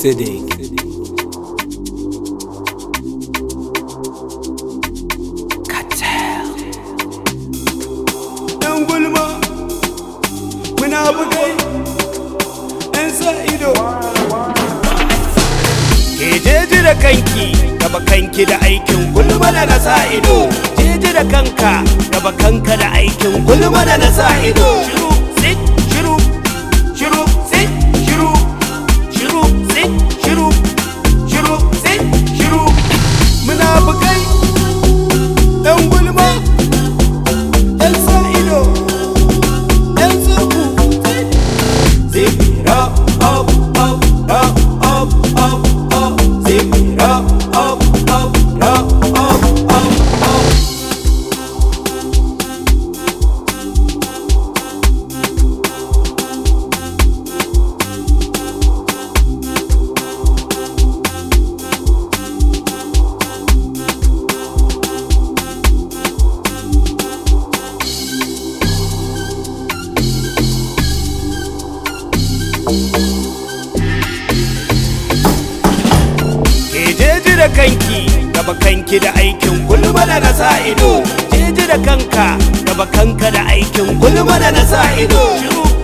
Siddiq. da kanki gaba kanki da aikin gulma da na sa ido kanka gaba kanka da aikin gulma na ido jeji da kanki gaba kanki da aikin gulma da na sa ido jeji da kanka da bakanka da aikin gulma da na sa ido